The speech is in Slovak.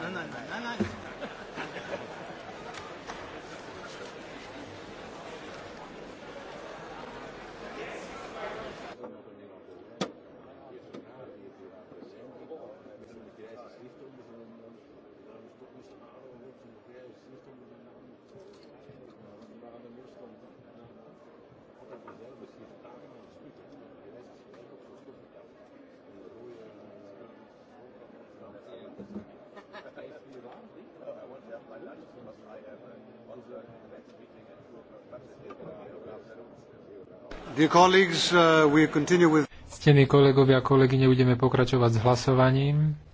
Nein, nein, nein, nein, nein. Thank you. Uh, Ctení kolegovia a kolegyne, budeme pokračovať s hlasovaním.